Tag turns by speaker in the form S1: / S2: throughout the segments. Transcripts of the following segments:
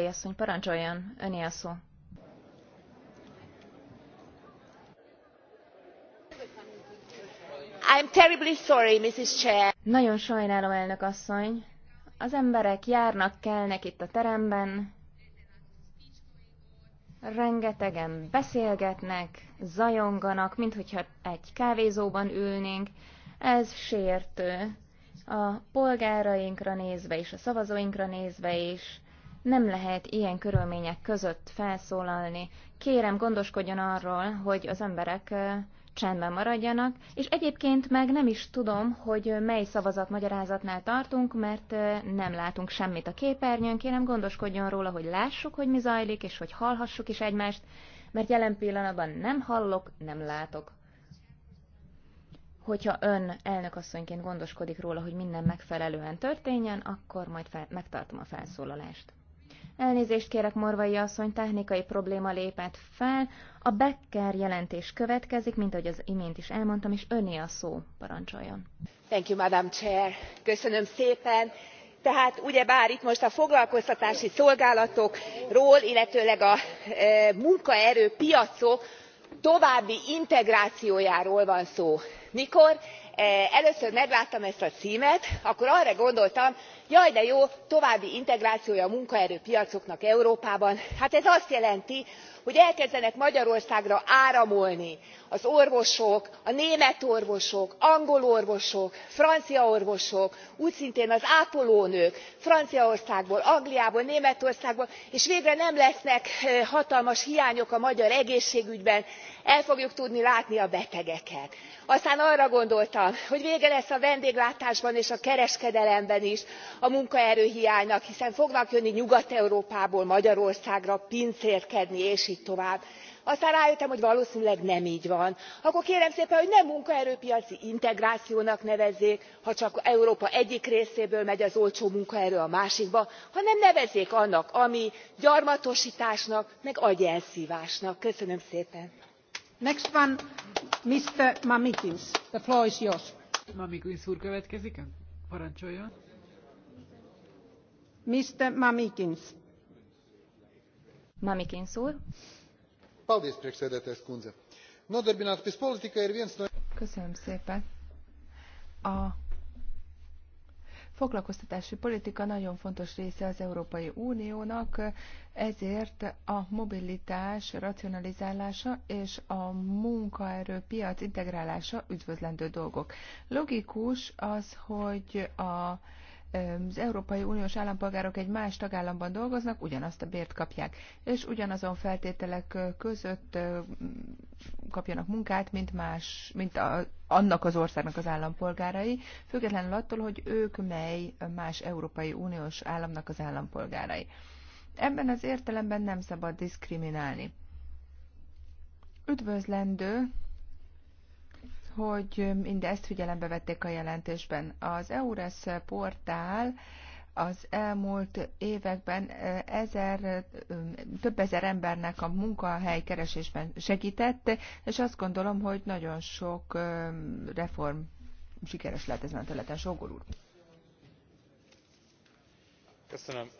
S1: asszony, parancsoljon, öné a szó. I'm terribly sorry, Mrs. Chair. Nagyon sajnálom, elnök asszony. Az emberek járnak, kelnek itt a teremben. Rengetegen beszélgetnek, zajonganak, minthogyha egy kávézóban ülnénk. Ez sértő. A polgárainkra nézve is, a szavazóinkra nézve is, nem lehet ilyen körülmények között felszólalni. Kérem, gondoskodjon arról, hogy az emberek csendben maradjanak, és egyébként meg nem is tudom, hogy mely szavazat magyarázatnál tartunk, mert nem látunk semmit a képernyőn, kérem gondoskodjon róla, hogy lássuk, hogy mi zajlik, és hogy hallhassuk is egymást, mert jelen pillanatban nem hallok, nem látok. Hogyha ön elnökasszonyként gondoskodik róla, hogy minden megfelelően történjen, akkor majd fel, megtartom a felszólalást. Elnézést kérek, Morvai asszony, technikai probléma lépett fel. A Becker jelentés következik, mint ahogy az imént is elmondtam, és öné a szó. Parancsoljon.
S2: Thank you, Madam Chair. Köszönöm szépen tehát ugye bár itt most a foglalkoztatási szolgálatokról illetőleg a e, piacok további integrációjáról van szó. mikor e, először megláttam ezt a címet, akkor arra gondoltam jaj de jó további integrációja a munkaerőpiacoknak európában hát ez azt jelenti hogy elkezdenek magyarországra áramolni az orvosok a német orvosok angol orvosok francia orvosok úgy szintén az ápolónők franciaországból angliából németországból és végre nem lesznek hatalmas hiányok a magyar egészségügyben el fogjuk tudni látni a betegeket. aztán arra gondoltam hogy vége lesz a vendéglátásban és a kereskedelemben is a munkaerőhiánynak hiszen fognak jönni nyugat európából magyarországra pincérkedni és gy tovább. aztán rájöttem hogy valósznűleg nem gy van. akkor kérem szépen hogy ne munkaerőpiaci integrációnak nevezzék ha csak európa egyik részéből megy az olcsó munkaerő a másikba hanem nevezzék annak ami gyarmatostásnak meg agyelszvásnak. köszönöm szépen!
S3: következik
S4: Mr. Mamikins.
S1: Mamikins úr.
S5: Paldies, priekšsēdētājs kundze. Nodarbinātības politika ir viens no...
S4: Köszönöm szépen. A foglalkoztatási politika nagyon fontos része az Európai Uniónak, ezért a mobilitás racionalizálása és a munkaerőpiac integrálása üdvözlendő dolgok. Logikus az, hogy a az Európai Uniós állampolgárok egy más tagállamban dolgoznak, ugyanazt a bért kapják, és ugyanazon feltételek között kapjanak munkát, mint más, mint a, annak az országnak az állampolgárai, függetlenül attól, hogy ők mely más Európai Uniós államnak az állampolgárai. Ebben az értelemben nem szabad diszkriminálni. Üdvözlendő, hogy mindezt figyelembe vették a jelentésben. Az EURES portál az elmúlt években ezer, több ezer embernek a munkahely keresésben segített, és azt gondolom, hogy nagyon sok reform sikeres lehet ezen a területen. Sogor úr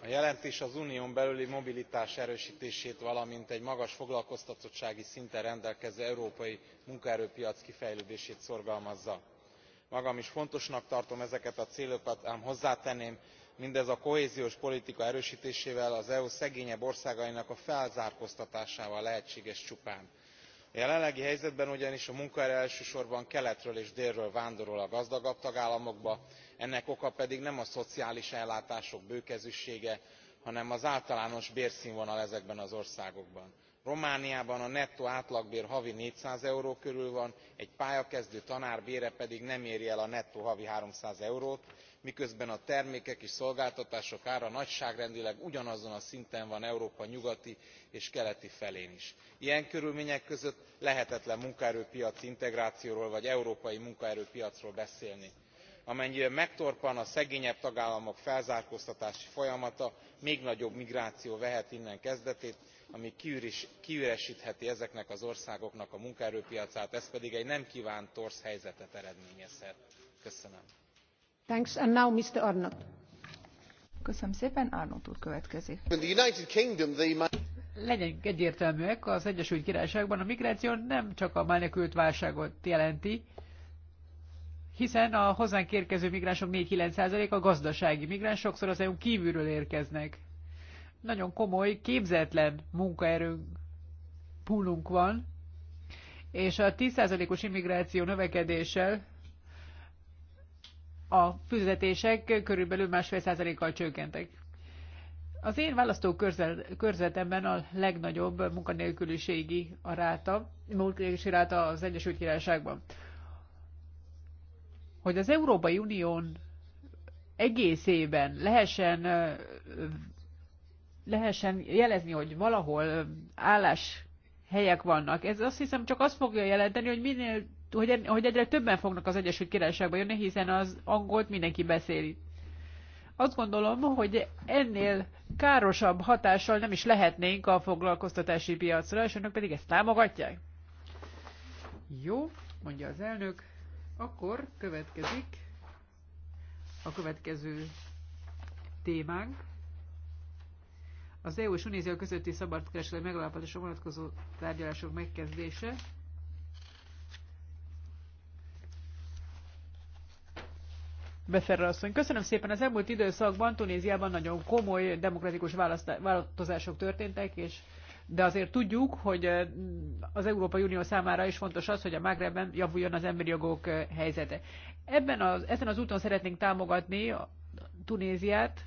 S5: a jelentés az unión belüli mobilitás erőstését valamint egy magas foglalkoztatottsági szinttel rendelkező európai munkaerőpiac kifejlődését szorgalmazza. magam is fontosnak tartom ezeket a célokat ám hozzátenném mindez a kohéziós politika erőstésével az eu szegényebb országainak a felzárkóztatásával lehetséges csupán a jelenlegi helyzetben ugyanis a munkaerő elsősorban keletről és délről vándorol a gazdagabb tagállamokba ennek oka pedig nem a szociális ellátások bőkezűsége hanem az általános bérsznvonal ezekben az országokban. romániában a nettó átlagbér havi four hundred euró körül van egy pályakezdő tanár bére pedig nem éri el a nettó havi three hundred eurót miközben a termékek és szolgáltatások ára nagyságrendileg ugyanazon a szinten van európa nyugati és keleti felén is. ilyen körülmények között lehetetlen munkaerőpiaci integrációról vagy európai munkaerőpiacról beszélni. amennyiben megtorpan a szegényebb tagállamok felzárkóztatási folyamata még nagyobb migráció vehet innen kezdetét ami kiüresthetné ezeknek az országoknak a munkaerőpiacát ez pedig egy nem kvánt torz helyzetet eredményezhet. köszönöm.
S4: Thanks, and now Mr. Arnott. Köszönöm szépen, Arnott úr következik.
S3: Legyünk egyértelműek, az Egyesült Királyságban a migráció nem csak a menekült válságot jelenti, hiszen a hozzánk érkező migránsok 4-9% a gazdasági migráns, sokszor az EU kívülről érkeznek. Nagyon komoly, képzetlen munkaerőnk púlunk van, és a 10%-os immigráció növekedéssel a fizetések körülbelül másfél százalékkal csökkentek. Az én választó körzetemben a legnagyobb munkanélküliségi ráta, munkanélküliségi ráta az Egyesült Királyságban. Hogy az Európai Unión egészében lehessen lehessen jelezni, hogy valahol állás helyek vannak. Ez azt hiszem csak azt fogja jelenteni, hogy minél hogy, hogy egyre többen fognak az Egyesült Királyságba jönni, hiszen az angolt mindenki beszéli. Azt gondolom, hogy ennél károsabb hatással nem is lehetnénk a foglalkoztatási piacra, és önök pedig ezt támogatják. Jó, mondja az elnök. Akkor következik a következő témánk. Az EU és Unézia közötti szabadkereskedelmi megállapodásra vonatkozó tárgyalások megkezdése. Beferre asszony. Köszönöm szépen. Az elmúlt időszakban Tunéziában nagyon komoly demokratikus változások történtek, és de azért tudjuk, hogy eh, az Európai Unió számára is fontos az, hogy a Magrebben javuljon az emberi jogok eh, helyzete. Ebben az, ezen az úton szeretnénk támogatni a Tunéziát,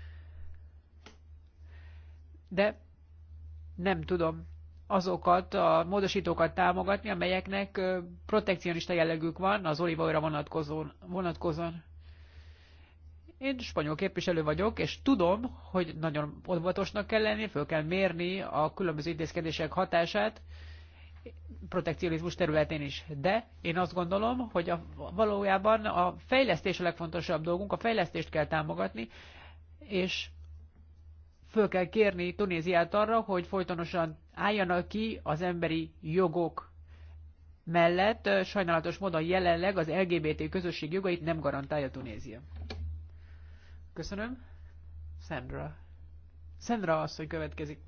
S3: de nem tudom azokat a módosítókat támogatni, amelyeknek eh, protekcionista jellegük van az olivajra vonatkozón. vonatkozón. Én spanyol képviselő vagyok, és tudom, hogy nagyon óvatosnak kell lenni, föl kell mérni a különböző intézkedések hatását, protekcionizmus területén is. De én azt gondolom, hogy a, valójában a fejlesztés a legfontosabb dolgunk, a fejlesztést kell támogatni, és föl kell kérni Tunéziát arra, hogy folytonosan álljanak ki az emberi jogok mellett. Sajnálatos módon jelenleg az LGBT közösség jogait nem garantálja Tunézia. Köszönöm. Sandra. Sandra hogy következik.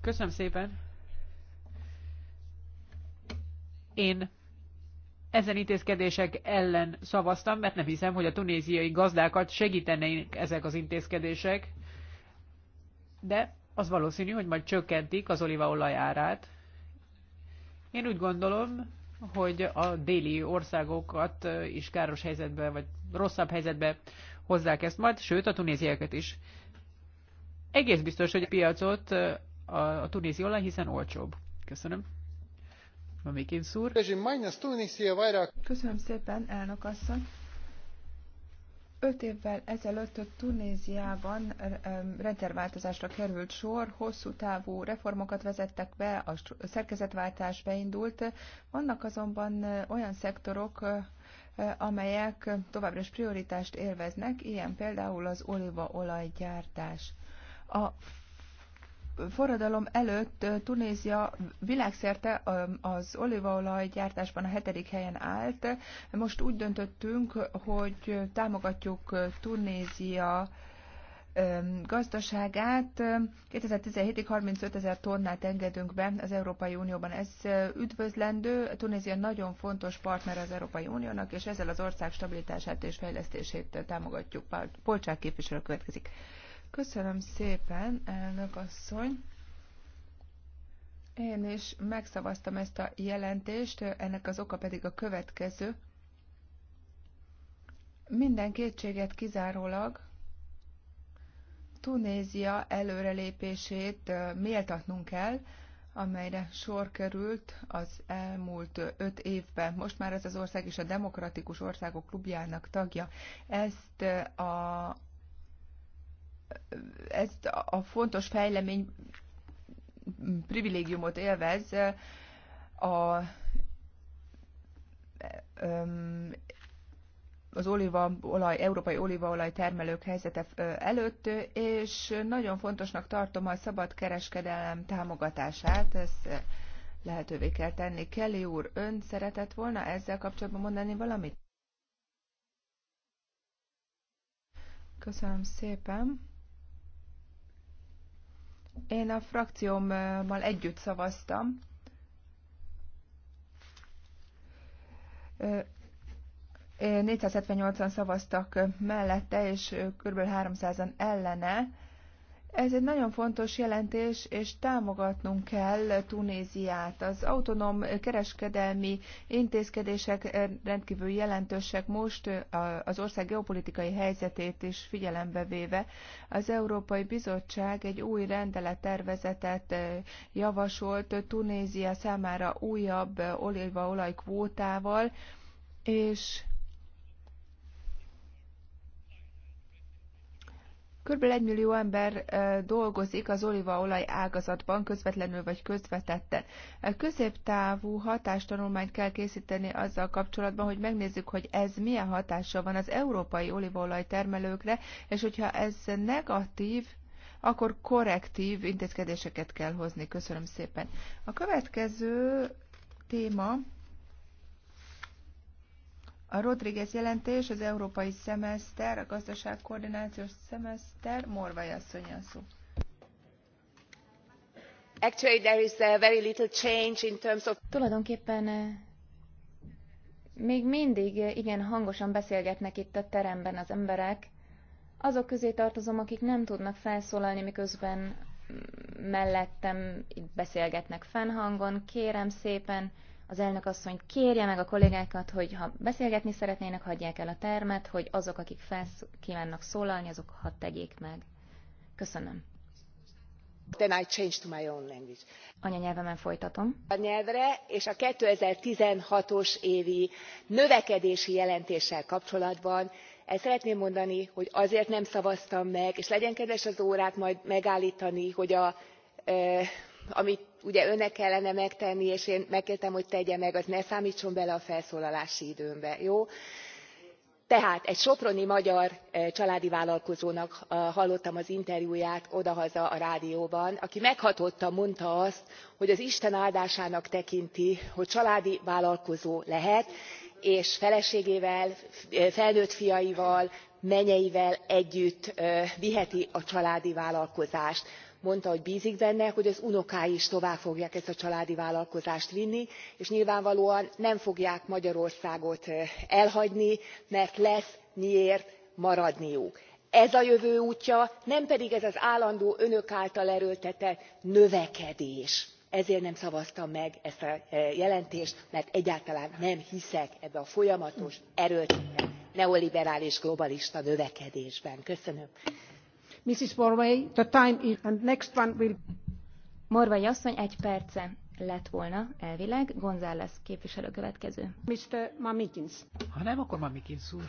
S3: Köszönöm szépen. Én ezen intézkedések ellen szavaztam, mert nem hiszem, hogy a tunéziai gazdákat segítenének ezek az intézkedések, de az valószínű, hogy majd csökkentik az olívaolaj árát. Én úgy gondolom, hogy a déli országokat is káros helyzetbe, vagy rosszabb helyzetbe hozzák ezt majd, sőt a tunézieket is. Egész biztos, hogy a piacot a tunézi olaj, hiszen olcsóbb. Köszönöm. Mamikins úr.
S4: Köszönöm szépen, elnök asszony. Öt évvel ezelőtt Tunéziában rendszerváltozásra került sor, hosszú távú reformokat vezettek be, a szerkezetváltás beindult. Vannak azonban olyan szektorok, amelyek továbbra is prioritást élveznek, ilyen például az olívaolajgyártás. A forradalom előtt Tunézia világszerte az olívaolaj gyártásban a hetedik helyen állt. Most úgy döntöttünk, hogy támogatjuk Tunézia gazdaságát. 2017-ig 35 ezer tonnát engedünk be az Európai Unióban. Ez üdvözlendő. Tunézia nagyon fontos partner az Európai Uniónak, és ezzel az ország stabilitását és fejlesztését támogatjuk. Polcsák képviselő következik. Köszönöm szépen, elnök asszony. Én is megszavaztam ezt a jelentést, ennek az oka pedig a következő. Minden kétséget kizárólag Tunézia előrelépését méltatnunk kell, amelyre sor került az elmúlt öt évben. Most már ez az ország is a demokratikus országok klubjának tagja. Ezt a ezt a fontos fejlemény privilégiumot élvez a, az olívaolaj, európai olívaolaj termelők helyzete előtt, és nagyon fontosnak tartom a szabad kereskedelem támogatását, ezt lehetővé kell tenni. Kelly úr, ön szeretett volna ezzel kapcsolatban mondani valamit? Köszönöm szépen. Én a frakciómmal együtt szavaztam. Ö, 478-an szavaztak mellette, és kb. 300-an ellene. Ez egy nagyon fontos jelentés, és támogatnunk kell Tunéziát. Az autonóm kereskedelmi intézkedések rendkívül jelentősek most az ország geopolitikai helyzetét is figyelembe véve. Az Európai Bizottság egy új rendelettervezetet javasolt Tunézia számára újabb olívaolajkvótával, és Körülbelül egy millió ember dolgozik az olívaolaj ágazatban, közvetlenül vagy közvetetten. Középtávú hatástanulmányt kell készíteni azzal kapcsolatban, hogy megnézzük, hogy ez milyen hatása van az európai olívaolaj termelőkre, és hogyha ez negatív, akkor korrektív intézkedéseket kell hozni. Köszönöm szépen. A következő téma a Rodriguez jelentés, az európai szemeszter, a gazdaságkoordinációs szemeszter, Morvai asszony a szó.
S2: Actually, there is a uh, very little change in terms of...
S1: Tulajdonképpen uh, még mindig uh, igen hangosan beszélgetnek itt a teremben az emberek. Azok közé tartozom, akik nem tudnak felszólalni, miközben mm, mellettem itt beszélgetnek fennhangon. Kérem szépen, az elnök asszony kérje meg a kollégákat, hogy ha beszélgetni szeretnének, hagyják el a termet, hogy azok, akik fel kívánnak szólalni, azok hadd tegyék meg. Köszönöm.
S2: Then I change to my own language.
S1: Anyanyelvemen folytatom.
S2: A nyelvre és a 2016-os évi növekedési jelentéssel kapcsolatban el szeretném mondani, hogy azért nem szavaztam meg, és legyen kedves az órát majd megállítani, hogy a, e, amit ugye önnek kellene megtenni és én megkértem hogy tegye meg az ne számtson bele a felszólalási időmbe jó? tehát egy soproni magyar e, családi vállalkozónak hallottam az interjúját odahaza a rádióban aki meghatottan mondta azt hogy az isten áldásának tekinti hogy családi vállalkozó lehet és feleségével e, felnőtt fiaival menyeivel együtt e, viheti a családi vállalkozást mondta hogy bzik benne hogy az unokái is tovább fogják ezt a családi vállalkozást vinni és nyilvánvalóan nem fogják magyarországot elhagyni mert lesz miért maradniuk. ez a jövő útja nem pedig ez az állandó önök által erőltetett növekedés. ezért nem szavaztam meg ezt a jelentést mert egyáltalán nem hiszek ebbe a folyamatos erőltetett neoliberális globalista növekedésben. köszönöm.
S1: Mrs. Morvai, Morvai asszony egy perce lett volna elvileg. González képviselő következő. Mr. Mamikins.
S5: Ha nem, akkor Mamikins úr.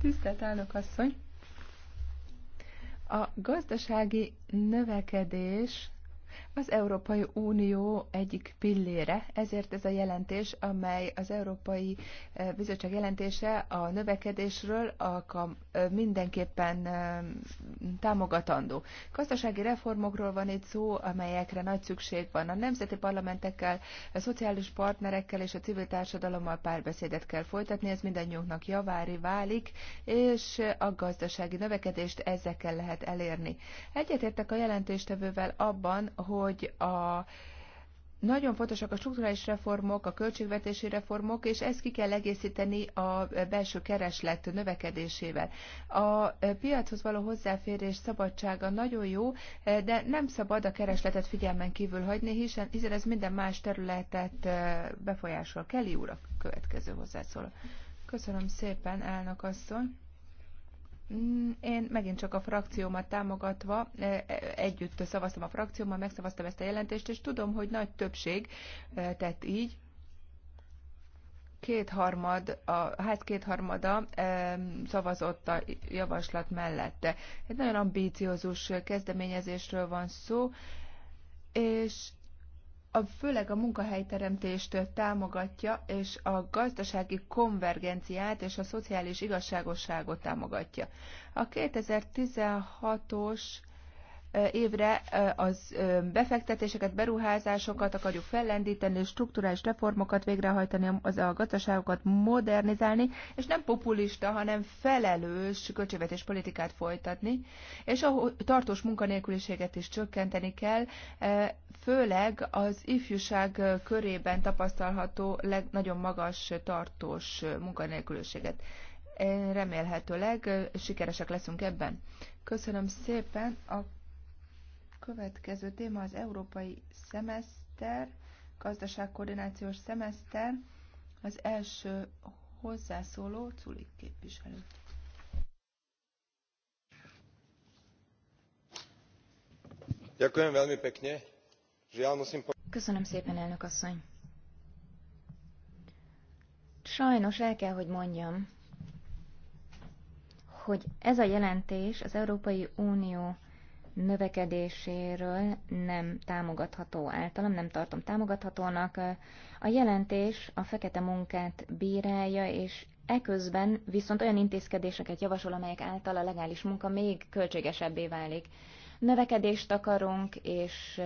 S4: Tisztelt elnök asszony! A gazdasági növekedés az Európai Unió egyik pillére, ezért ez a jelentés, amely az Európai eh, Bizottság jelentése a növekedésről a, eh, mindenképpen eh, támogatandó. Gazdasági reformokról van itt szó, amelyekre nagy szükség van. A nemzeti parlamentekkel, a szociális partnerekkel és a civil társadalommal párbeszédet kell folytatni, ez mindannyiunknak javári válik, és a gazdasági növekedést ezekkel lehet elérni. Egyetértek a jelentéstevővel abban, hogy hogy a nagyon fontosak a strukturális reformok, a költségvetési reformok, és ezt ki kell egészíteni a belső kereslet növekedésével. A piachoz való hozzáférés szabadsága nagyon jó, de nem szabad a keresletet figyelmen kívül hagyni, hiszen, hiszen ez minden más területet befolyásol. Kelly úr a következő hozzászól. Köszönöm szépen, elnök asszony. Mm, én megint csak a frakciómat támogatva, e, e, együtt szavaztam a frakciómmal, megszavaztam ezt a jelentést, és tudom, hogy nagy többség e, tett így, kétharmad, a ház kétharmada szavazott a javaslat mellette. Egy nagyon ambíciózus kezdeményezésről van szó, és a, főleg a munkahelyteremtést támogatja, és a gazdasági konvergenciát és a szociális igazságosságot támogatja. A 2016-os évre az befektetéseket, beruházásokat akarjuk fellendíteni, strukturális reformokat végrehajtani, az a gazdaságokat modernizálni, és nem populista, hanem felelős költségvetés politikát folytatni, és a tartós munkanélküliséget is csökkenteni kell, főleg az ifjúság körében tapasztalható legnagyon magas tartós munkanélküliséget. Remélhetőleg sikeresek leszünk ebben. Köszönöm szépen. A Következő téma az európai szemeszter, gazdaságkoordinációs szemeszter. Az első hozzászóló Culik képviselő.
S1: Köszönöm szépen, elnök asszony. Sajnos el kell, hogy mondjam, hogy ez a jelentés az Európai Unió növekedéséről nem támogatható általam, nem tartom támogathatónak. A jelentés a fekete munkát bírálja, és eközben viszont olyan intézkedéseket javasol, amelyek által a legális munka még költségesebbé válik. Növekedést akarunk, és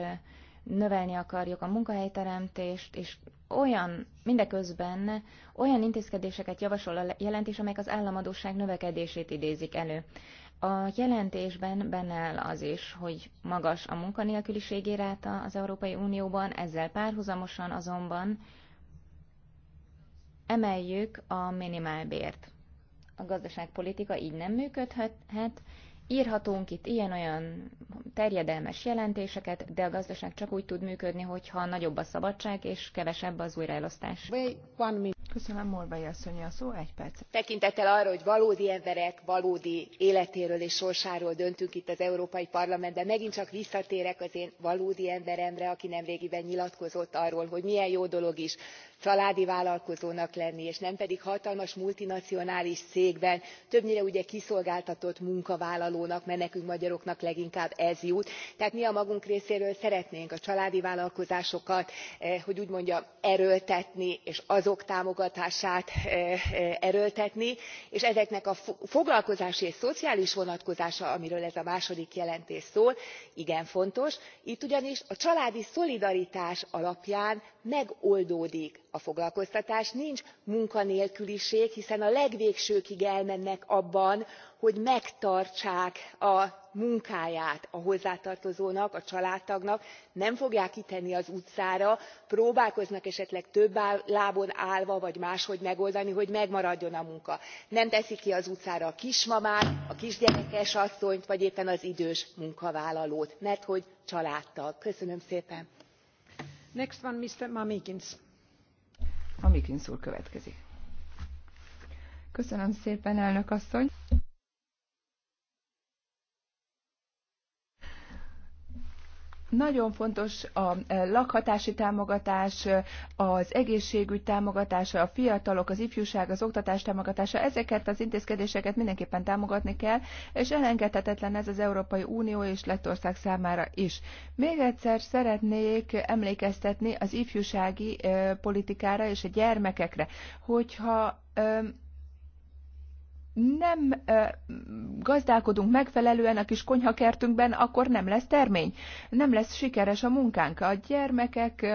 S1: növelni akarjuk a munkahelyteremtést, és olyan, mindeközben olyan intézkedéseket javasol a jelentés, amelyek az államadóság növekedését idézik elő. A jelentésben benne áll az is, hogy magas a munkanélküliség ráta az Európai Unióban, ezzel párhuzamosan azonban emeljük a minimálbért. A gazdaságpolitika így nem működhet, írhatunk itt ilyen-olyan terjedelmes jelentéseket, de a gazdaság csak úgy tud működni, hogyha nagyobb a szabadság és kevesebb az újraelosztás.
S4: Köszönöm, Morvai asszony a szó, egy perc.
S2: Tekintettel arra, hogy valódi emberek valódi életéről és sorsáról döntünk itt az Európai Parlamentben, megint csak visszatérek az én valódi emberemre, aki nemrégiben nyilatkozott arról, hogy milyen jó dolog is családi vállalkozónak lenni és nem pedig hatalmas multinacionális cégben többnyire ugye kiszolgáltatott munkavállalónak mert nekünk magyaroknak leginkább ez jut tehát mi a magunk részéről szeretnénk a családi vállalkozásokat eh, hogy úgy mondjam erőltetni és azok támogatását eh, eh, erőltetni és ezeknek a foglalkozási és szociális vonatkozása amiről ez a második jelentés szól igen fontos itt ugyanis a családi szolidaritás alapján megoldódik a foglalkoztatás nincs munkanélküliség hiszen a legvégsőkig elmennek abban hogy megtartsák a munkáját a hozzátartozónak a családtagnak nem fogják kitenni az utcára próbálkoznak esetleg több lábon állva vagy máshogy megoldani hogy megmaradjon a munka. nem teszik ki az utcára a kismamát a kisgyerekes asszonyt vagy éppen az idős munkavállalót merthogy családtag. köszönöm szépen!
S4: Amikin szúr következik. Köszönöm szépen, elnök asszony! Nagyon fontos a e, lakhatási támogatás, e, az egészségügy támogatása, a fiatalok, az ifjúság, az oktatás támogatása. Ezeket az intézkedéseket mindenképpen támogatni kell, és elengedhetetlen ez az Európai Unió és Lettország számára is. Még egyszer szeretnék emlékeztetni az ifjúsági e, politikára és a gyermekekre, hogyha nem gazdálkodunk megfelelően a kis konyhakertünkben, akkor nem lesz termény, nem lesz sikeres a munkánk. A gyermekek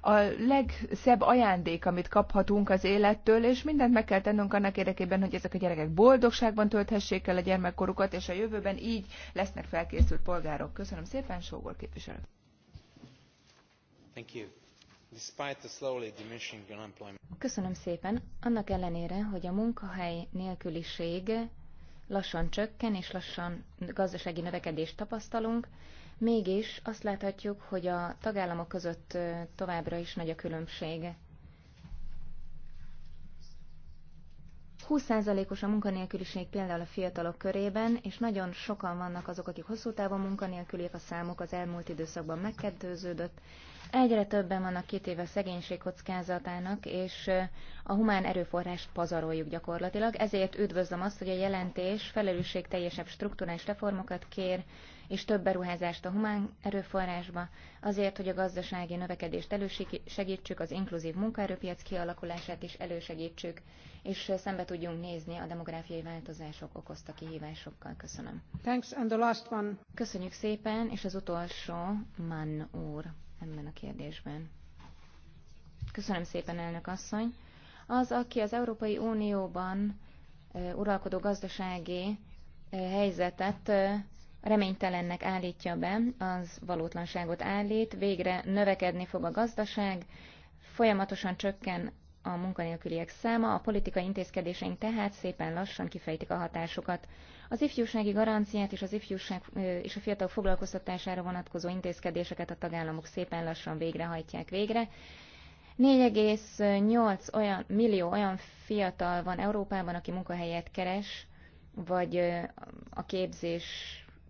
S4: a legszebb ajándék, amit kaphatunk az élettől, és mindent meg kell tennünk annak érdekében, hogy ezek a gyerekek boldogságban tölthessék el a gyermekkorukat, és a jövőben így lesznek felkészült polgárok. Köszönöm szépen, Sógor képviselő.
S5: Thank you.
S1: Köszönöm szépen. Annak ellenére, hogy a munkahely nélküliség lassan csökken és lassan gazdasági növekedést tapasztalunk, mégis azt láthatjuk, hogy a tagállamok között továbbra is nagy a különbség. 20%-os a munkanélküliség például a fiatalok körében, és nagyon sokan vannak azok, akik hosszú távon munkanélküliek, a számok az elmúlt időszakban megkedőződött. Egyre többen vannak két éve szegénység kockázatának, és a humán erőforrást pazaroljuk gyakorlatilag. Ezért üdvözlöm azt, hogy a jelentés felelősség teljesebb struktúrás reformokat kér, és több beruházást a humán erőforrásba, azért, hogy a gazdasági növekedést elősegítsük, az inkluzív munkaerőpiac kialakulását is elősegítsük, és szembe tudjunk nézni a demográfiai változások okozta kihívásokkal. Köszönöm. Thanks, and the last one. Köszönjük szépen, és az utolsó Mann úr ebben a kérdésben. Köszönöm szépen, elnök asszony. Az, aki az Európai Unióban uralkodó gazdasági helyzetet reménytelennek állítja be, az valótlanságot állít, végre növekedni fog a gazdaság, folyamatosan csökken a munkanélküliek száma, a politikai intézkedéseink tehát szépen lassan kifejtik a hatásokat. Az ifjúsági garanciát és az ifjúság és a fiatal foglalkoztatására vonatkozó intézkedéseket a tagállamok szépen lassan végrehajtják végre. 4,8 olyan, millió olyan fiatal van Európában, aki munkahelyet keres, vagy a képzés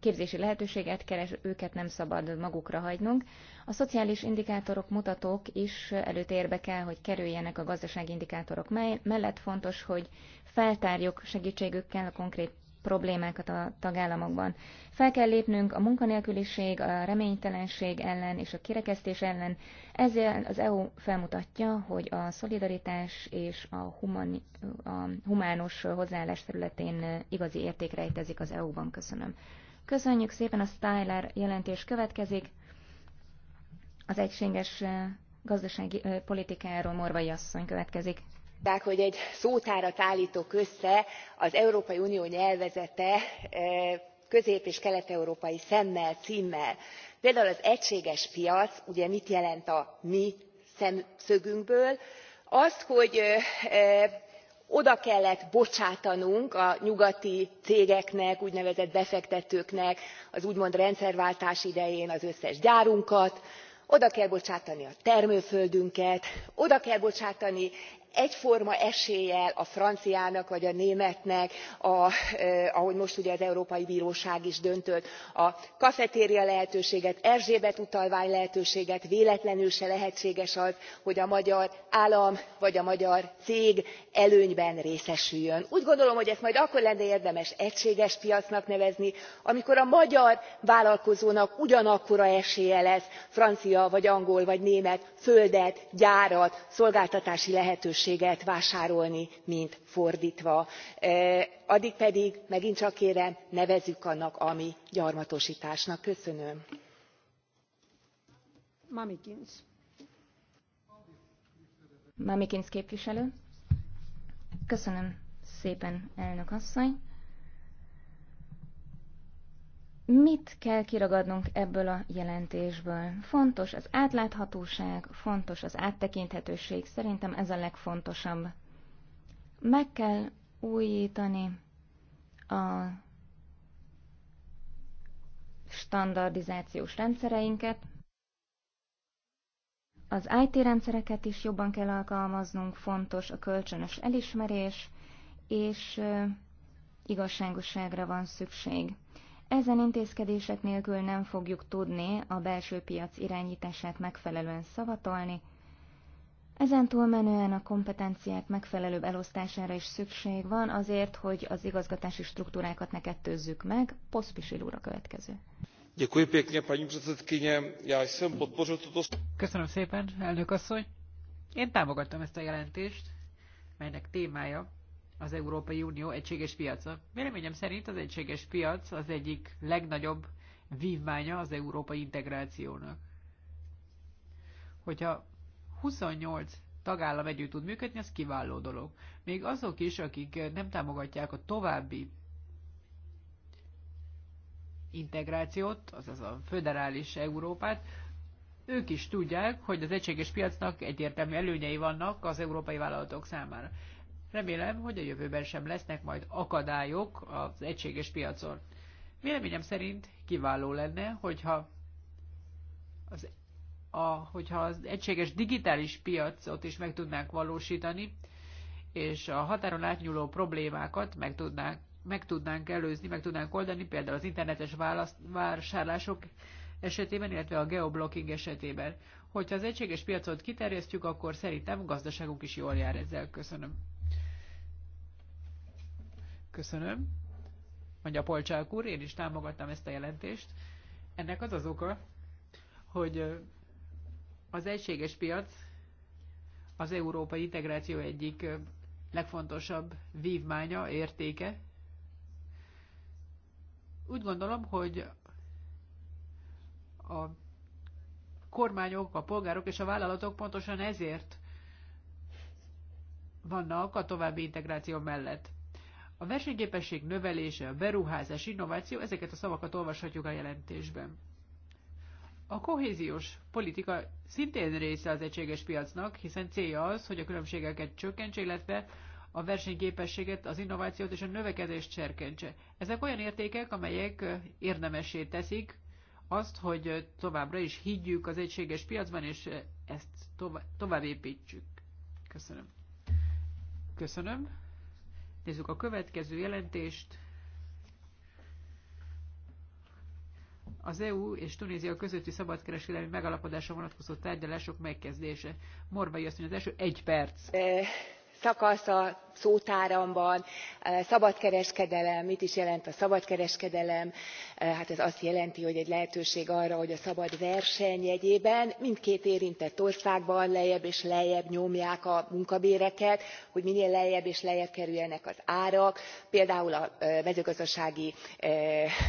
S1: képzési lehetőséget keres, őket nem szabad magukra hagynunk. A szociális indikátorok, mutatók is előtérbe kell, hogy kerüljenek a gazdasági indikátorok mellett. Fontos, hogy feltárjuk segítségükkel a konkrét problémákat a tagállamokban. Fel kell lépnünk a munkanélküliség, a reménytelenség ellen és a kirekesztés ellen. Ezzel az EU felmutatja, hogy a szolidaritás és a, humani, a humánus hozzáállás területén igazi rejtezik az EU-ban. Köszönöm. Köszönjük szépen, a Styler jelentés következik. Az egységes gazdasági politikáról Morvai asszony következik
S2: Tehát hogy egy szótárat állítok össze az európai unió nyelvezete közép és kelet európai szemmel címmel. például az egységes piac ugye mit jelent a mi szemszögünkből? azt hogy oda kellett bocsátanunk a nyugati cégeknek úgynevezett befektetőknek az úgymond rendszerváltás idején az összes gyárunkat oda kell bocsátani a termőföldünket oda kell bocsátani egyforma eséllyel a franciának vagy a németnek ahogy most ugye az európai bróság is döntött a lehetőséget, utalvány lehetőséget, véletlenül se lehetséges az hogy a magyar állam vagy a magyar cég előnyben részesüljön. úgy gondolom hogy ezt majd akkor lenne érdemes egységes piacnak nevezni amikor a magyar vállalkozónak ugyanakkora esélye lesz francia vagy angol vagy német földet gyárat szolgáltatási lehetőséget termékminőséget vásárolni mint fordtva addig pedig megint csak kérem nevezzük annak ami gyarmatostásnak. köszönöm. Mamikins
S1: képviselő. Köszönöm szépen, Mit kell kiragadnunk ebből a jelentésből? Fontos az átláthatóság, fontos az áttekinthetőség, szerintem ez a legfontosabb. Meg kell újítani a standardizációs rendszereinket, az IT rendszereket is jobban kell alkalmaznunk, fontos a kölcsönös elismerés, és igazságosságra van szükség. Ezen intézkedések nélkül nem fogjuk tudni a belső piac irányítását megfelelően szavatolni, ezen túlmenően a kompetenciák megfelelőbb elosztására is szükség van azért, hogy az igazgatási struktúrákat ne kettőzzük meg. Poszpisil úr a következő.
S3: Köszönöm szépen, elnök asszony. Én támogattam ezt a jelentést, melynek témája az Európai Unió egységes piaca. Véleményem szerint az egységes piac az egyik legnagyobb vívmánya az európai integrációnak. Hogyha 28 tagállam együtt tud működni, ez kiváló dolog. Még azok is, akik nem támogatják a további integrációt, azaz a föderális Európát, ők is tudják, hogy az egységes piacnak egyértelmű előnyei vannak az európai vállalatok számára. Remélem, hogy a jövőben sem lesznek majd akadályok az egységes piacon. Véleményem szerint kiváló lenne, hogyha az, a, hogyha az egységes digitális piacot is meg tudnánk valósítani, és a határon átnyúló problémákat meg tudnánk, meg tudnánk előzni, meg tudnánk oldani, például az internetes választ, vásárlások esetében, illetve a geoblocking esetében. Hogyha az egységes piacot kiterjesztjük, akkor szerintem gazdaságunk is jól jár ezzel. Köszönöm. Köszönöm, mondja Polcsák úr, én is támogattam ezt a jelentést. Ennek az az oka, hogy az egységes piac az európai integráció egyik legfontosabb vívmánya, értéke. Úgy gondolom, hogy a kormányok, a polgárok és a vállalatok pontosan ezért vannak a további integráció mellett. A versenyképesség növelése, a beruházás, innováció, ezeket a szavakat olvashatjuk a jelentésben. A kohéziós politika szintén része az egységes piacnak, hiszen célja az, hogy a különbségeket csökkentse, illetve a versenyképességet, az innovációt és a növekedést serkentse. Ezek olyan értékek, amelyek érdemessé teszik azt, hogy továbbra is higgyük az egységes piacban, és ezt tovább, tovább építsük. Köszönöm. Köszönöm. Nézzük a következő jelentést. Az EU és Tunézia közötti szabadkereskedelmi megalapodásra vonatkozó tárgyalások megkezdése. Morvai azt mondja, az első egy perc.
S2: Eh, szakasz a szótáramban e, szabadkereskedelem mit is jelent a szabadkereskedelem e, hát ez azt jelenti hogy egy lehetőség arra hogy a szabad verseny jegyében mindkét érintett országban lejjebb és lejjebb nyomják a munkabéreket hogy minél lejjebb és lejjebb kerüljenek az árak például a e, mezőgazdasági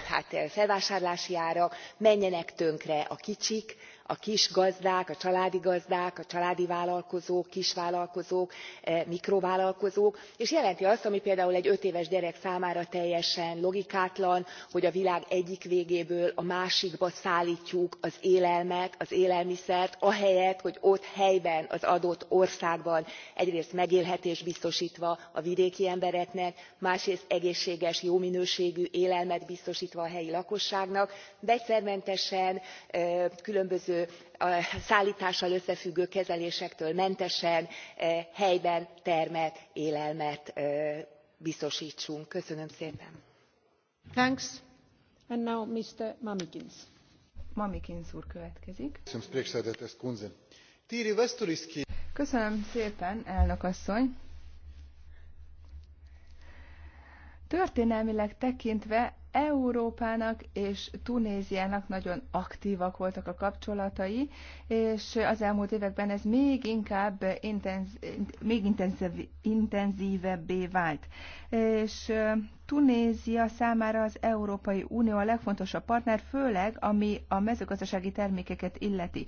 S2: hát, felvásárlási árak menjenek tönkre a kicsik a kis gazdák a családi gazdák a családi vállalkozók kisvállalkozók e, mikrovállalkozók és jelenti azt ami például egy ötéves gyerek számára teljesen logikátlan hogy a világ egyik végéből a másikba szálltjuk az élelmet az élelmiszert ahelyett hogy ott helyben az adott országban egyrészt megélhetést biztostva a vidéki embereknek másrészt egészséges jó minőségű élelmet biztostva a helyi lakosságnak vegyszermentesen e, különböző különböző szálltással összefüggő kezelésektől mentesen eh, helyben termelt élelmet eh, biztostsunk. köszönöm szépen!
S4: történelmileg tekintve Európának és Tunéziának nagyon aktívak voltak a kapcsolatai, és az elmúlt években ez még inkább intenz, még intenzív, intenzívebbé vált. És Tunézia számára az Európai Unió a legfontosabb partner, főleg ami a mezőgazdasági termékeket illeti.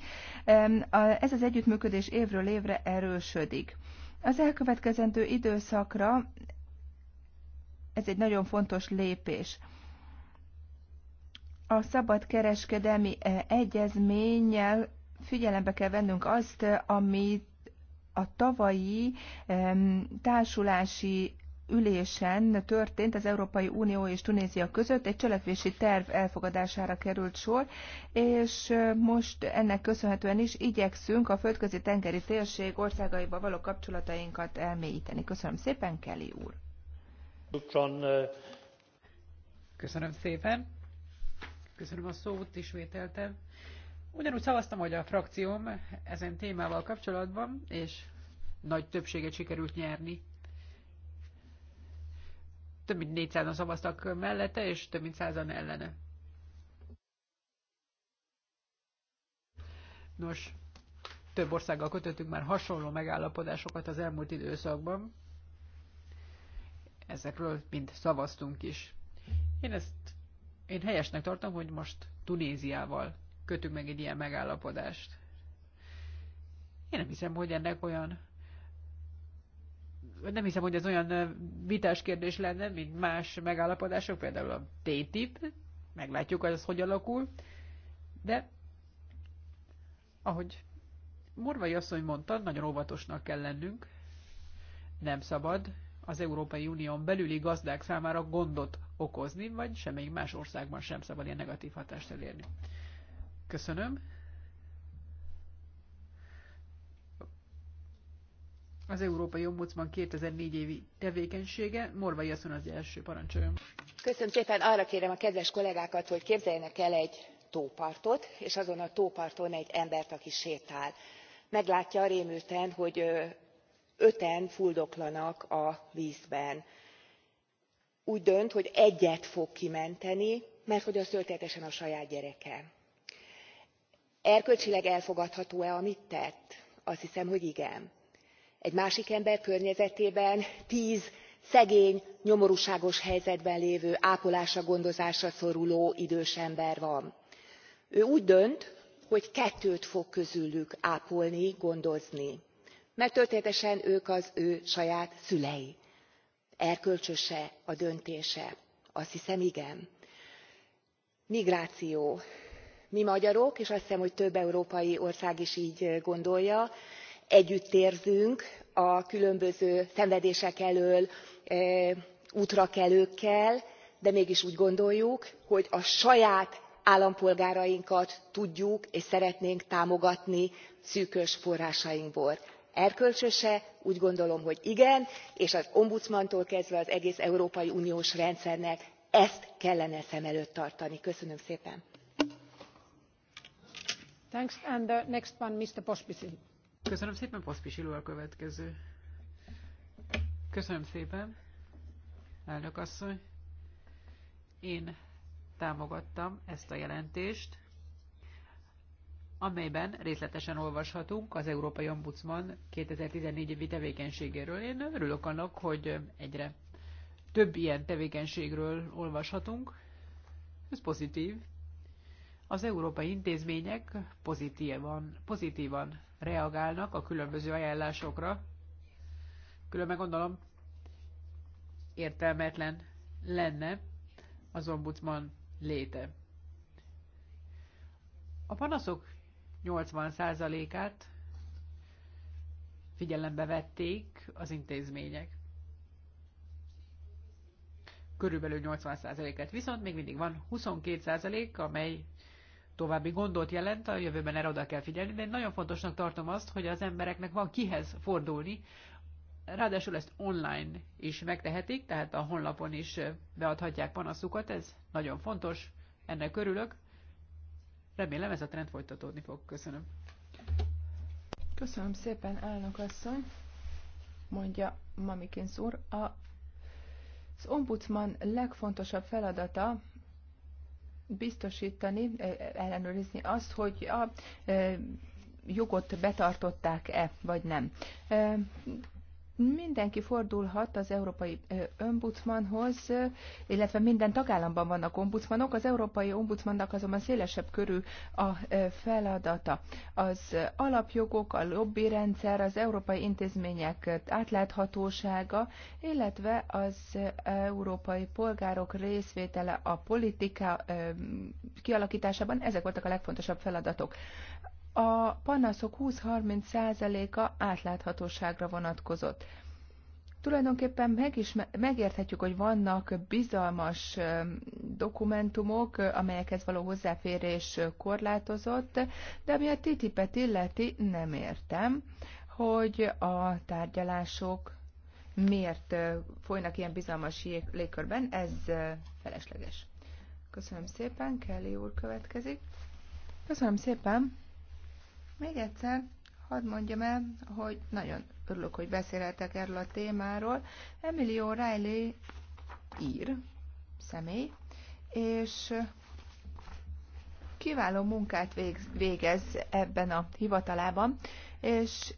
S4: Ez az együttműködés évről évre erősödik. Az elkövetkezendő időszakra ez egy nagyon fontos lépés a szabad kereskedelmi eh, egyezménnyel figyelembe kell vennünk azt, amit a tavalyi társulási ülésen történt az Európai Unió és Tunézia között egy cselekvési terv elfogadására került sor, és eh, most ennek köszönhetően is igyekszünk a földközi tengeri térség országaiba való kapcsolatainkat elmélyíteni. Köszönöm szépen, Kelly úr!
S3: Köszönöm szépen! Köszönöm a szót, ismételtem. Ugyanúgy szavaztam, hogy a frakcióm ezen témával kapcsolatban, és nagy többséget sikerült nyerni. Több mint 400-an szavaztak mellette, és több mint 100-an ellene. Nos, több országgal kötöttünk már hasonló megállapodásokat az elmúlt időszakban. Ezekről mind szavaztunk is. Én ezt én helyesnek tartom, hogy most Tunéziával kötünk meg egy ilyen megállapodást. Én nem hiszem, hogy ennek olyan nem hiszem, hogy ez olyan vitás kérdés lenne, mint más megállapodások, például a TTIP, meglátjuk, hogy ez hogy alakul, de ahogy Morvai asszony mondta, nagyon óvatosnak kell lennünk, nem szabad az Európai Unión belüli gazdák számára gondot okozni, vagy semmelyik más országban sem szabad ilyen negatív hatást elérni. Köszönöm. Az Európai Ombudsman 2004 évi tevékenysége, Morvai Asszon az első parancsoljon.
S2: Köszönöm szépen, arra kérem a kedves kollégákat, hogy képzeljenek el egy tópartot, és azon a tóparton egy embert, aki sétál. Meglátja a rémülten, hogy öten fuldoklanak a vízben úgy dönt hogy egyet fog kimenteni mert hogy az történetesen a saját gyereke. erkölcsileg elfogadható e amit tett? azt hiszem hogy igen. egy másik ember környezetében tz szegény nyomorúságos helyzetben lévő ápolásra gondozásra szoruló idős ember van. ő úgy dönt hogy kettőt fog közülük ápolni gondozni mert történetesen ők az ő saját szülei e a döntése? azt hiszem igen. migráció mi magyarok és azt hiszem hogy több európai ország is gy gondolja együttérzünk a különböző szenvedések elől e, útrakelőkkel de mégis úgy gondoljuk hogy a saját állampolgárainkat tudjuk és szeretnénk támogatni szűkös forrásainkból erkölcsöse úgy gondolom hogy igen és az ombudsmantól kezdve az egész európai uniós rendszernek ezt kellene szem előtt tartani. köszönöm szépen!
S3: elnök asszony! én támogattam ezt a jelentést amelyben részletesen olvashatunk az Európai Ombudsman 2014 évi tevékenységéről. Én örülök annak, hogy egyre több ilyen tevékenységről olvashatunk. Ez pozitív. Az európai intézmények pozitívan, pozitívan reagálnak a különböző ajánlásokra. Különben gondolom értelmetlen lenne az ombudsman léte. A panaszok 80%-át figyelembe vették az intézmények. Körülbelül 80%-et. Viszont még mindig van 22%, amely további gondot jelent, a jövőben erre oda kell figyelni, de én nagyon fontosnak tartom azt, hogy az embereknek van kihez fordulni, Ráadásul ezt online is megtehetik, tehát a honlapon is beadhatják panaszukat, ez nagyon fontos, ennek örülök. Remélem ez a trend folytatódni fog. Köszönöm.
S4: Köszönöm szépen, elnök asszony, mondja Mamikins úr. A, az ombudsman legfontosabb feladata biztosítani, e, ellenőrizni azt, hogy a e, jogot betartották-e, vagy nem. E, mindenki fordulhat az Európai Ombudsmanhoz, illetve minden tagállamban vannak ombudsmanok, az Európai Ombudsmannak azonban szélesebb körű a feladata. Az alapjogok, a lobbyrendszer, az európai intézmények átláthatósága, illetve az európai polgárok részvétele a politika kialakításában, ezek voltak a legfontosabb feladatok a panaszok 20-30%-a átláthatóságra vonatkozott. Tulajdonképpen is megérthetjük, hogy vannak bizalmas dokumentumok, amelyekhez való hozzáférés korlátozott, de ami a TTIP-et illeti, nem értem, hogy a tárgyalások miért folynak ilyen bizalmas légkörben, ez felesleges. Köszönöm szépen, Kelly úr következik. Köszönöm szépen. Még egyszer, hadd mondjam el, hogy nagyon örülök, hogy beszélhetek erről a témáról. Emilio Riley ír, személy, és kiváló munkát végez ebben a hivatalában, és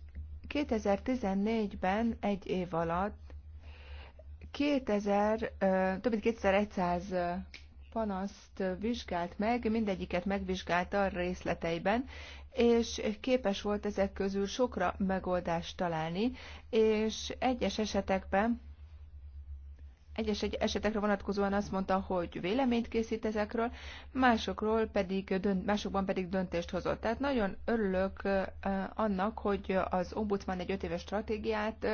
S4: 2014-ben egy év alatt 2000, több mint 2100 panaszt vizsgált meg, mindegyiket megvizsgálta a részleteiben, és képes volt ezek közül sokra megoldást találni, és egyes esetekben egyes egy esetekre vonatkozóan azt mondta, hogy véleményt készít ezekről, másokról pedig, másokban pedig döntést hozott. Tehát nagyon örülök annak, hogy az ombudsman egy öt éves stratégiát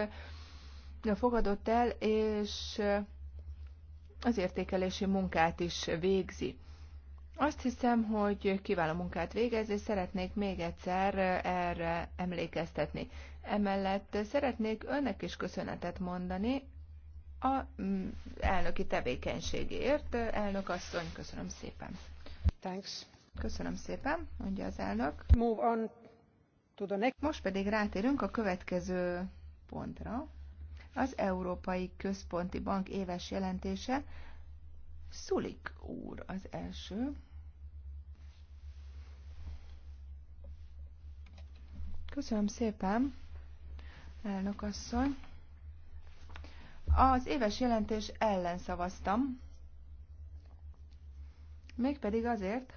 S4: fogadott el, és az értékelési munkát is végzi. Azt hiszem, hogy kiváló munkát végez, és szeretnék még egyszer erre emlékeztetni. Emellett szeretnék önnek is köszönetet mondani a mm, elnöki tevékenységért. Elnök asszony, köszönöm szépen. Thanks. Köszönöm szépen, mondja az elnök. Move on to the next. Most pedig rátérünk a következő pontra. Az Európai Központi Bank éves jelentése. Szulik úr az első. Köszönöm szépen, elnök asszony. Az éves jelentés ellen szavaztam, mégpedig azért,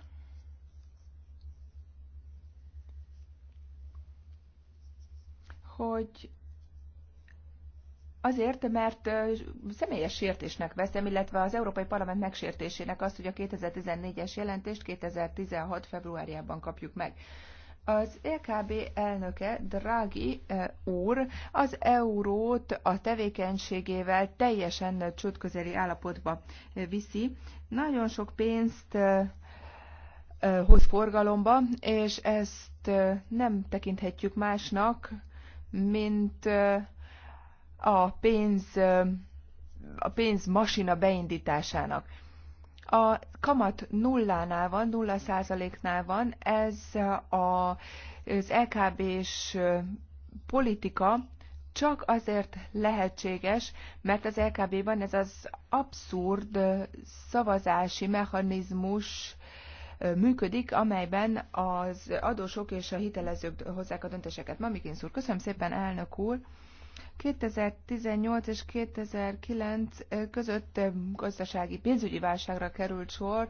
S4: hogy Azért, mert személyes sértésnek veszem, illetve az Európai Parlament megsértésének azt, hogy a 2014-es jelentést 2016. februárjában kapjuk meg. Az LKB elnöke, Draghi eh, úr, az eurót a tevékenységével teljesen csődközeli állapotba eh, viszi. Nagyon sok pénzt eh, hoz forgalomba, és ezt nem tekinthetjük másnak, mint a pénz a masina beindításának. A kamat nullánál van, nulla százaléknál van, ez a, az LKB-s e politika csak azért lehetséges, mert az LKB-ban e ez az abszurd szavazási mechanizmus működik, amelyben az adósok és a hitelezők hozzák a döntéseket. Mamikinsz úr, köszönöm szépen, elnök úr! 2018 és 2009 között gazdasági pénzügyi válságra került sor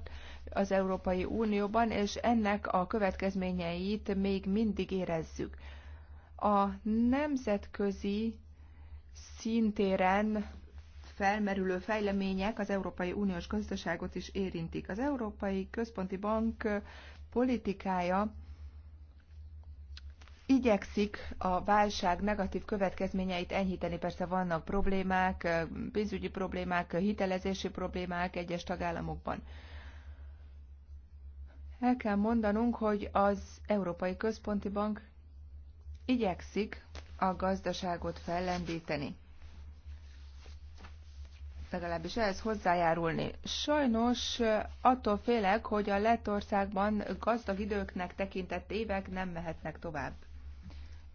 S4: az Európai Unióban, és ennek a következményeit még mindig érezzük. A nemzetközi szintéren felmerülő fejlemények az Európai Uniós gazdaságot is érintik. Az Európai Központi Bank politikája igyekszik a válság negatív következményeit enyhíteni. Persze vannak problémák, pénzügyi problémák, hitelezési problémák egyes tagállamokban. El kell mondanunk, hogy az Európai Központi Bank igyekszik a gazdaságot fellendíteni. Legalábbis ehhez hozzájárulni. Sajnos attól félek, hogy a Lettországban gazdag időknek tekintett évek nem mehetnek tovább.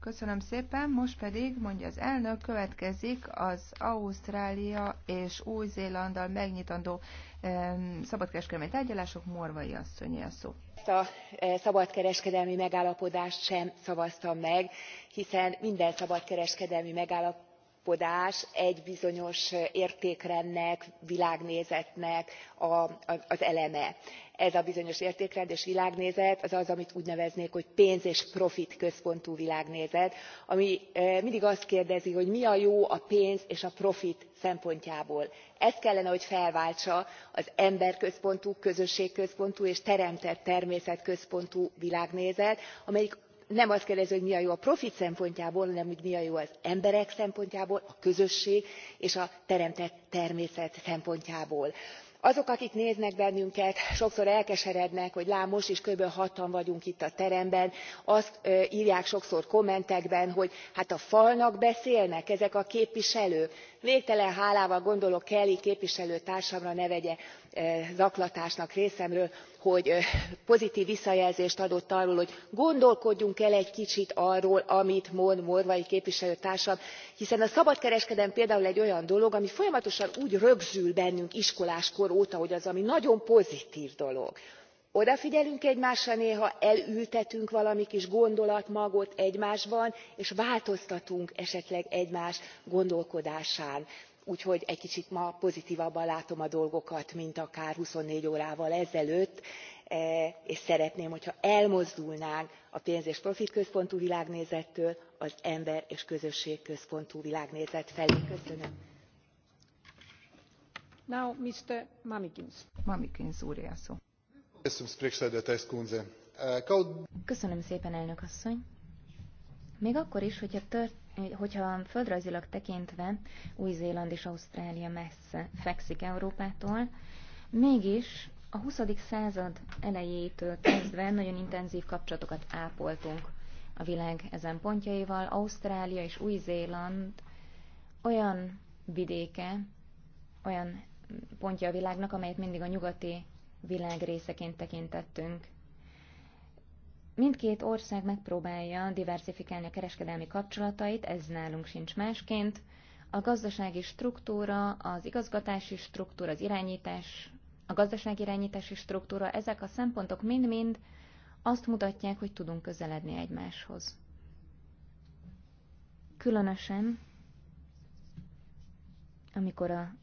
S4: Köszönöm szépen, most pedig, mondja az elnök, következik az Ausztrália és Új-Zélanddal megnyitandó um, szabadkereskedelmi tárgyalások morvai asszonyi a szó.
S2: Ezt a e, szabadkereskedelmi megállapodást sem szavaztam meg, hiszen minden szabadkereskedelmi megállapodás gondolkodás egy bizonyos értékrendnek világnézetnek az eleme. ez a bizonyos értékrend és világnézet az az amit úgy neveznék hogy pénz és profitközpontú világnézet ami e, mindig azt kérdezi hogy mi a jó a pénz és a profit szempontjából. ez kellene hogy felváltsa az emberközpontú közösségközpontú és teremtett természetközpontú világnézetet amelyik nem azt kérdezi hogy mi a jó a profit szempontjából hanem hogy mi a jó az emberek szempontjából a közösség és a teremtett természet szempontjából. azok akik néznek bennünket sokszor elkeserednek hogy lám most is körülbelül hatan vagyunk itt a teremben azt rják sokszor kommentekben hogy hát a falnak beszélnek ezek a képviselők végtelen hálával gondolok kelly képviselőtársamra ne vegye e, zaklatásnak részemről hogy e, pozitv visszajelzést adott arról hogy gondolkodjunk el egy kicsit arról amit mond morvai képviselőtársam hiszen a szabadkereskedelem például egy olyan dolog ami folyamatosan úgy rögzül bennünk iskolás kor óta hogy az ami nagyon pozitv dolog odafigyelünk egymásra néha elültetünk valami kis gondolatmagot egymásban és változtatunk esetleg egymás gondolkodásán úgyhogy egy kicsit ma pozitvabban látom a dolgokat mint akár twenty four órával ezelőtt e, és szeretném hogyha elmozdulnánk a pénz és profitközpontú világnézettől az ember és közösségközpontú világnézet felé. köszönöm. Mr. Köszönöm szépen, elnök
S1: asszony. Még akkor is, hogyha, tört, hogyha földrajzilag tekintve Új-Zéland és Ausztrália messze fekszik Európától, mégis a 20. század elejétől kezdve nagyon intenzív kapcsolatokat ápoltunk a világ ezen pontjaival. Ausztrália és Új-Zéland olyan vidéke, olyan pontja a világnak, amelyet mindig a nyugati világ részeként tekintettünk. Mindkét ország megpróbálja diversifikálni a kereskedelmi kapcsolatait, ez nálunk sincs másként. A gazdasági struktúra, az igazgatási struktúra, az irányítás, a gazdasági irányítási struktúra, ezek a szempontok mind-mind azt mutatják, hogy tudunk közeledni egymáshoz. Különösen, amikor a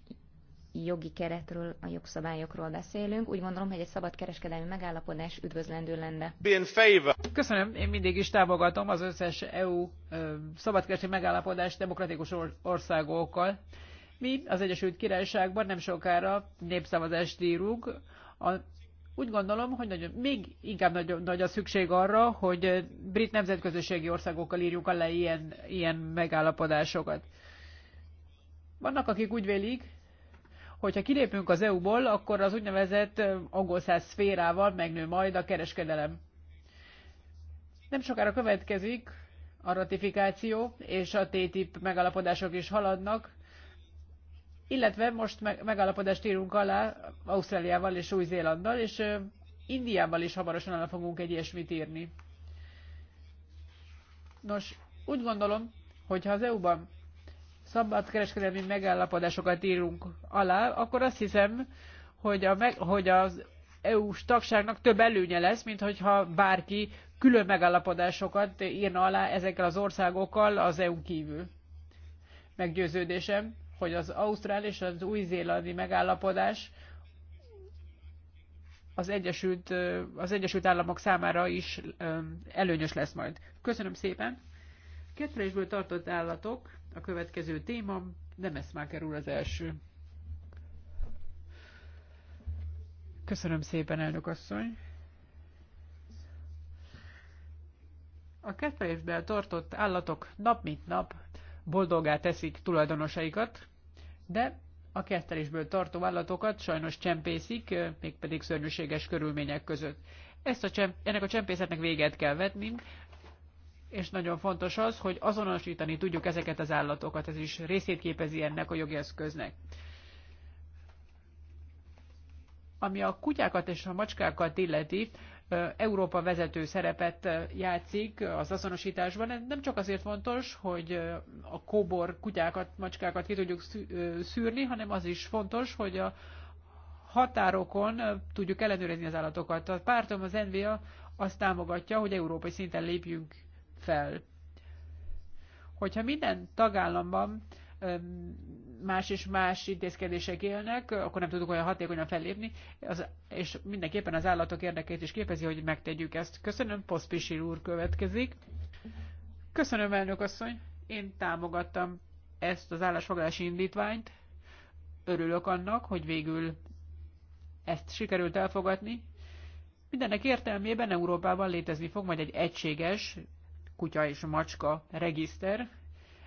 S1: jogi keretről, a jogszabályokról beszélünk. Úgy gondolom, hogy egy szabad kereskedelmi megállapodás üdvözlendő lenne.
S3: Köszönöm, én mindig is támogatom az összes EU szabadkereskedelmi megállapodást demokratikus országokkal. Mi az Egyesült Királyságban nem sokára népszavazást írunk. A, úgy gondolom, hogy nagyon, még inkább nagy, nagy a szükség arra, hogy brit nemzetközösségi országokkal írjuk alá ilyen, ilyen megállapodásokat. Vannak, akik úgy vélik, hogyha kilépünk az EU-ból, akkor az úgynevezett angol száz szférával megnő majd a kereskedelem. Nem sokára következik a ratifikáció, és a TTIP megalapodások is haladnak, illetve most megállapodást írunk alá Ausztráliával és Új-Zélanddal, és Indiával is hamarosan alá fogunk egy ilyesmit írni. Nos, úgy gondolom, hogy ha az EU-ban szabadkereskedelmi megállapodásokat írunk alá, akkor azt hiszem, hogy, a, hogy az EU-s tagságnak több előnye lesz, mint hogyha bárki külön megállapodásokat írna alá ezekkel az országokkal az EU kívül. Meggyőződésem, hogy az Ausztrál és az új-zélandi megállapodás az Egyesült, az Egyesült Államok számára is előnyös lesz majd. Köszönöm szépen! Kettelésből tartott állatok a következő téma, már kerül az első. Köszönöm szépen, elnök asszony. A kettelésből tartott állatok nap mint nap boldogá teszik tulajdonosaikat, de a kettelésből tartó állatokat sajnos csempészik, mégpedig szörnyűséges körülmények között. Ezt a csemp- ennek a csempészetnek véget kell vetni, és nagyon fontos az, hogy azonosítani tudjuk ezeket az állatokat, ez is részét képezi ennek a jogi eszköznek. Ami a kutyákat és a macskákat illeti, Európa vezető szerepet játszik az azonosításban. Ez nem csak azért fontos, hogy a kóbor kutyákat, macskákat ki tudjuk szűrni, hanem az is fontos, hogy a határokon tudjuk ellenőrizni az állatokat. A pártom, az NVA azt támogatja, hogy európai szinten lépjünk fel. Hogyha minden tagállamban más és más intézkedések élnek, akkor nem tudunk olyan hatékonyan fellépni, az, és mindenképpen az állatok érdekeit is képezi, hogy megtegyük ezt. Köszönöm, Poszpisír úr következik. Köszönöm, elnök asszony, én támogattam ezt az állásfoglalási indítványt. Örülök annak, hogy végül ezt sikerült elfogadni. Mindennek értelmében Európában létezni fog majd egy egységes kutya és macska regiszter.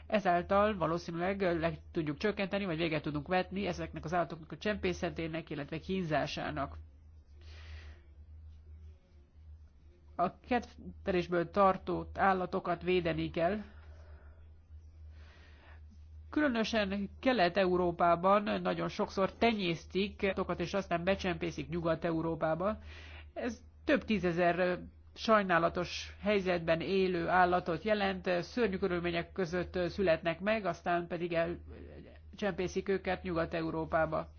S3: Ezáltal valószínűleg le tudjuk csökkenteni, vagy véget tudunk vetni ezeknek az állatoknak a csempészetének, illetve kínzásának. A kettelésből tartott állatokat védeni kell, különösen Kelet-Európában nagyon sokszor tenyésztik állatokat és aztán becsempészik Nyugat-Európába. Ez több tízezer sajnálatos helyzetben élő állatot jelent, szörnyű körülmények között születnek meg, aztán pedig csempészik őket Nyugat-Európába.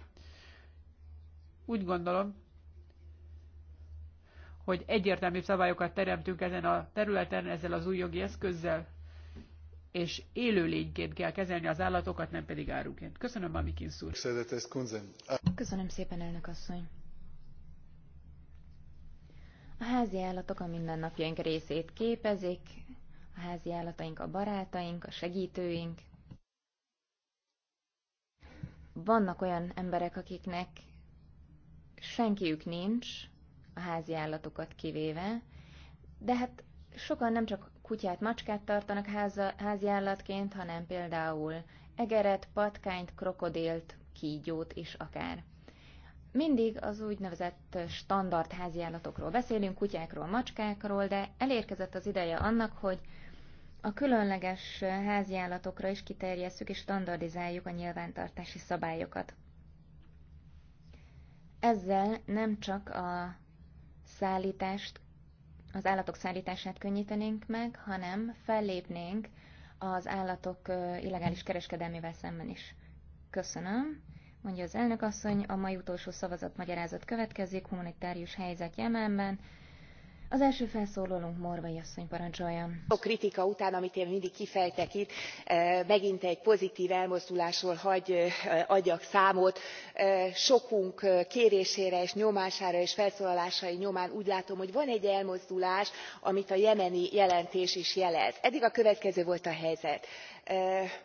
S3: Úgy gondolom, hogy egyértelmű szabályokat teremtünk ezen a területen, ezzel az új jogi eszközzel, és élőlényként kell kezelni az állatokat, nem pedig áruként. Köszönöm, Amikin szúr.
S1: Köszönöm szépen, elnök asszony. A házi állatok a mindennapjaink részét képezik, a házi állataink a barátaink, a segítőink. Vannak olyan emberek, akiknek senkiük nincs, a házi állatokat kivéve, de hát sokan nem csak kutyát, macskát tartanak háza, házi állatként, hanem például egeret, patkányt, krokodilt, kígyót is akár. Mindig az úgynevezett standard háziállatokról beszélünk, kutyákról, macskákról, de elérkezett az ideje annak, hogy a különleges háziállatokra is kiterjesszük és standardizáljuk a nyilvántartási szabályokat. Ezzel nem csak a szállítást, az állatok szállítását könnyítenénk meg, hanem fellépnénk az állatok illegális kereskedelmével szemben is. Köszönöm mondja az elnök asszony, a mai utolsó szavazat magyarázat következik, humanitárius helyzet Jemenben. Az első felszólalónk Morvai asszony parancsolja.
S2: A kritika után, amit én mindig kifejtek itt, eh, megint egy pozitív elmozdulásról hagy eh, adjak számot. Eh, sokunk kérésére és nyomására és felszólalásai nyomán úgy látom, hogy van egy elmozdulás, amit a jemeni jelentés is jelez. Eddig a következő volt a helyzet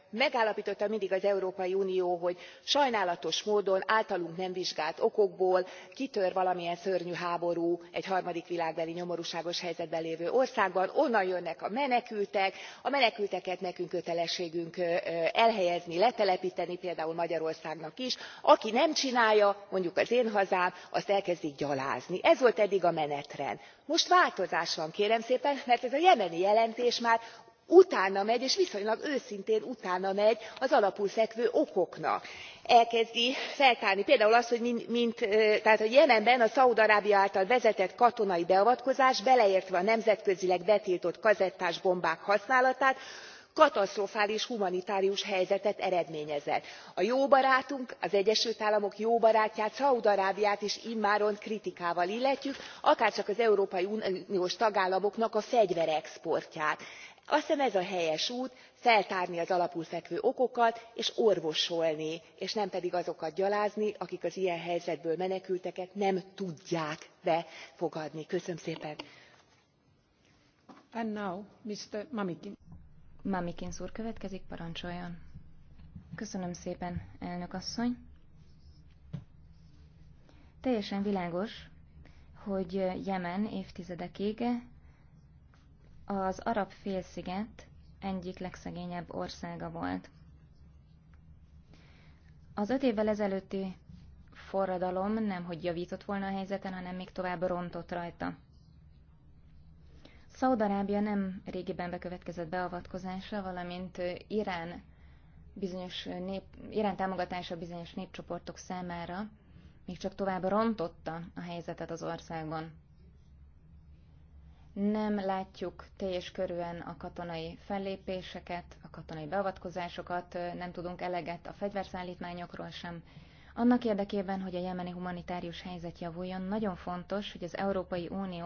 S2: megállaptotta mindig az európai unió hogy sajnálatos módon általunk nem vizsgált okokból kitör valamilyen szörnyű háború egy harmadik világbeli nyomorúságos helyzetben lévő országban onnan jönnek a menekültek a menekülteket nekünk kötelességünk elhelyezni letelepteni például magyarországnak is aki nem csinálja mondjuk az én hazám azt elkezdik gyalázni. ez volt eddig a menetrend. most változás van kérem szépen mert ez a jemeni jelentés már utána megy és viszonylag őszintén utánamegy az fekvő okoknak. elkezdi feltárni például azt hogy jemenben a szaúd arábia által vezetett katonai beavatkozás beleértve a nemzetközileg betiltott kazettás bombák használatát katasztrofális humanitárius helyzetet eredményezett. a jó barátunk az egyesült államok jó barátját szaúd arábiát is immáron kritikával illetjük akárcsak az európai uniós tagállamoknak a fegyverexportját azt hiszem ez a helyes út feltárni az alapul fekvő okokat és orvosolni és nem pedig azokat gyalázni akik az ilyen helyzetből menekülteket nem tudják befogadni. köszönöm szépen!
S1: következik köszönöm szépen teljesen világos hogy jemen évtizedekig az arab félsziget egyik legszegényebb országa volt. Az öt évvel ezelőtti forradalom nem hogy javított volna a helyzeten, hanem még tovább rontott rajta. Szaudarábia nem régiben bekövetkezett beavatkozása, valamint Irán bizonyos nép, Irán támogatása bizonyos népcsoportok számára még csak tovább rontotta a helyzetet az országban nem látjuk teljes körűen a katonai fellépéseket, a katonai beavatkozásokat, nem tudunk eleget a fegyverszállítmányokról sem. Annak érdekében, hogy a jemeni humanitárius helyzet javuljon, nagyon fontos, hogy az Európai Unió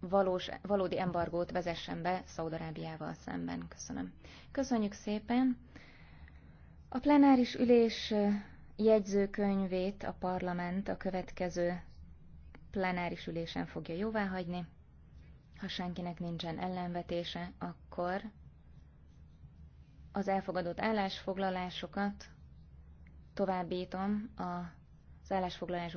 S1: valós, valódi embargót vezessen be Szaudarábiával szemben. Köszönöm. Köszönjük szépen. A plenáris ülés jegyzőkönyvét a parlament a következő plenáris ülésen fogja jóváhagyni. Ha senkinek nincsen ellenvetése, akkor az elfogadott állásfoglalásokat továbbítom az állásfoglalásban